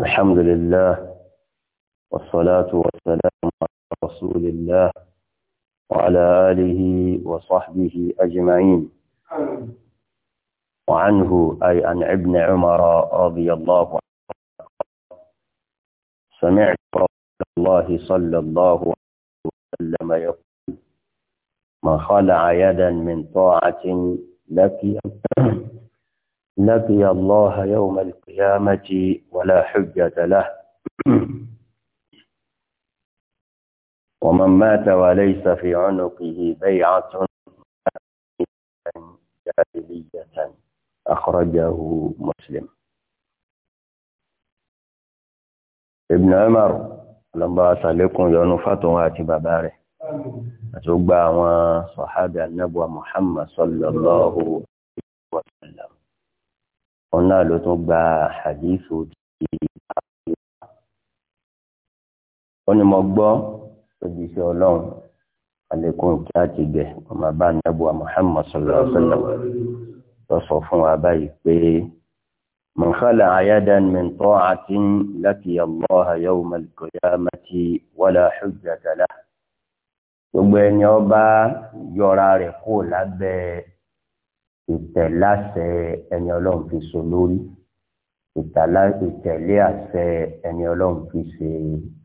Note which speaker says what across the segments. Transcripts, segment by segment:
Speaker 1: الحمد لله والصلاة والسلام على رسول الله وعلى آله وصحبه أجمعين وعنه أي عن ابن عمر رضي الله عنه سمعت رسول الله صلى الله عليه وسلم يقول ما خلع يدا من طاعة لك نبي الله يوم القيامة ولا حجة له ومن مات وليس في عنقه بيعة جاهلية أخرجه مسلم ابن عمر لما أسألكم واتي باباره أتوقع وصحابة النبوة محمد صلى الله عليه وسلم ọ̀nà ló tún gba hadithu ti àbúrò ó ní mo gbọ́ òjíṣẹ́ ọlọ́run alekun kí á ti gẹ̀ ọmọ bá nàbùwà Muhammad sallallahu alaihi wasallam lọ sọ fún wa báyìí pé man khala'a yadan min ta'atin laqiya Allaha yawma al-qiyamati wala gbogbo ẹni ó yọra rẹ̀ kó lábẹ́ ìtẹ̀láṣẹ ẹni ọlọ́run fi so lórí ìtẹ̀lé àṣẹ ẹni ọlọ́run fi ṣe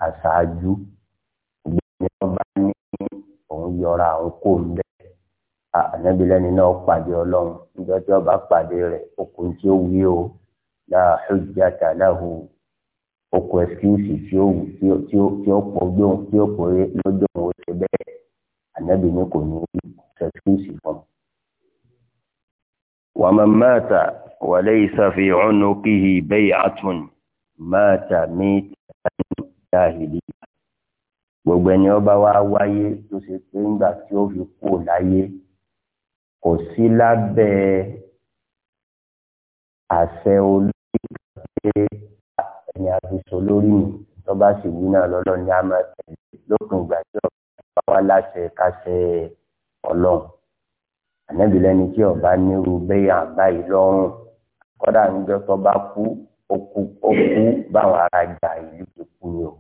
Speaker 1: aṣáájú ìgbẹ́ni wọn bá ní òun yọra àwọn kò ń bẹ́ ànábi lẹ́ni náà pàdé ọlọ́run níjọ́ tí wọ́n bá pàdé rẹ̀ okùn tí ó wí o láà hujjata lahu okùn ẹ̀sìkúùsì tí ó pọ̀ gbóhùn tí ó pọ̀ lójú òun ṣe bẹ́ẹ̀ ànábi ní kò ní ẹ̀sìkúùsì fún un. ومن مات وليس في عنقه بيعة مات ميتا جاهلية gbogbo ẹni ọba wa wáyé tó ṣe pé ńgbà tí ó fi kú láyé kò sí lábẹ́ àṣẹ olórí pé ẹni àfisọ lórí mi tó bá sì wí náà lọ́lọ́ ni a máa tẹ̀lé lópin ìgbà tí ọba wa láṣẹ káṣẹ ọlọ́run ànábì lẹni tí ọba nírú bẹyà báyìí lọ́rùn kódà níjọ tó bá kú okú okú báwọn ará jà ìlú ti kú ni o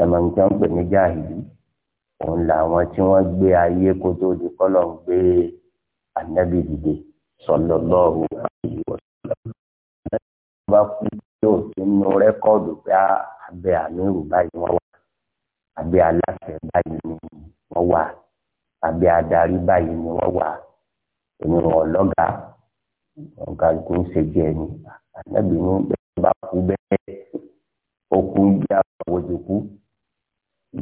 Speaker 1: ẹmọ nǹkan ń pè ní jàìlú òun làwọn tí wọ́n gbé ayé kó tó di kọlọ ń gbé ànábì dìde sọlọ lọrùn àyè wọsọlọ bá kú yóò ti nu rẹkọọdù pé abẹ àmì rù báyìí wọ́n wà abẹ aláṣẹ báyìí ni wà àbí adarí báyìí ni wọ́n wà èmi wọn lọ́gà ọ̀gá tó ń ṣe jẹ́ ni ànábì ní bẹ́ẹ̀ bá kú bẹ́ẹ̀ ó kú ń jẹ́ àwọn òjòkú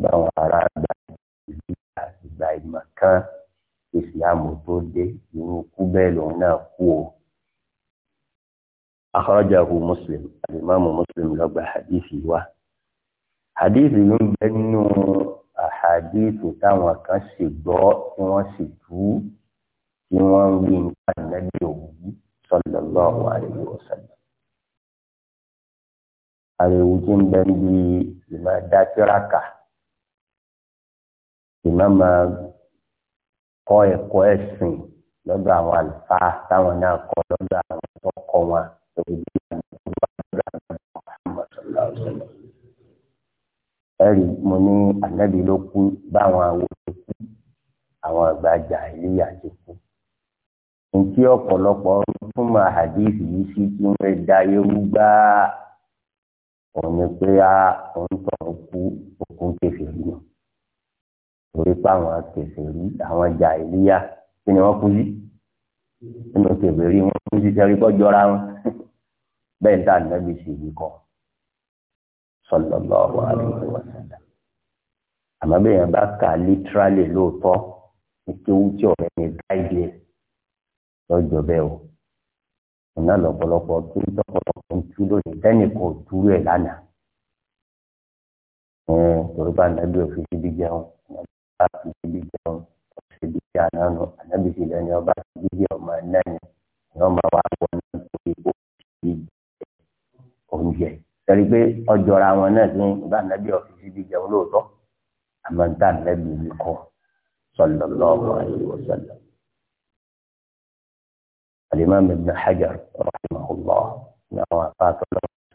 Speaker 1: báwọn ará àgbà ìgbà ìgbà ìmọ̀ kan ìsìlámù tó dé irú kú bẹ́ẹ̀ lòun náà kú o. akhrajahu muslim alimami muslim ló gbà hadithi wa hadithi yìí ń bẹ nínú àhàdíìsì táwọn kan sì gbọ́ tí wọ́n sì tú tí wọ́n ń wí nípa ìnáwó òwú sallallahu alaihi wasallam. àrèwù tí ń bẹ níbi ìmọ̀ dátíraka ìmọ̀ máa kọ́ ẹ̀kọ́ ẹ̀sìn lọ́dọ̀ àwọn àlùfáà táwọn náà kọ́ lọ́dọ̀ àwọn tó kọ́ wọn lórí bí ẹ̀rí mo ní ànábì ló kú báwọn awo ti kú àwọn àgbà jàhílíyà ti kú. Ntí ọ̀pọ̀lọpọ̀ fún ma hadith yìí sí kí wọ́n da ewu gbá òní pé a ń tọ̀ kú òkun kèfèrí nù. Torí pé àwọn kèfèrí àwọn jàhílíyà kí ni wọ́n kú yìí? Nínú kèfèrí wọn kú yìí sẹ́rí jọra wọn. Bẹ́ẹ̀ ni tá ànábì sì yìí kọ́ sallallahu alaihi wa sallam àmọ́ bẹ́ẹ̀ yẹn bá kà literally lóòótọ́ ìkéwú tí ọ̀rẹ́ mi gáìdì ẹ̀ lọ́jọ́ bẹ́ẹ̀ o ìná lọ́pọ̀lọpọ̀ tó ń tọ́pọ̀lọpọ̀ ń tú lónìí tẹ́nì kan ò túrú ẹ̀ lánàá ẹ̀ẹ́n torí bá nàbí òfin síbi jẹun nàbí òfin síbi jẹun òfin síbi jẹun ànánu ànábìsí lẹ́ni ọba síbi jẹun ọmọ náà ni ọmọ wa torí pé ọjọ́ra wọn náà ti ń bá nàbí ọ̀fíìsì bí jẹun lóòótọ́ àmọ́ níta nàbí mi kọ́ sallallahu alaihi wasallam. Al-Imam Ibn Hajar rahimahullah ní àwọn afáàtọ̀ lọ́wọ́.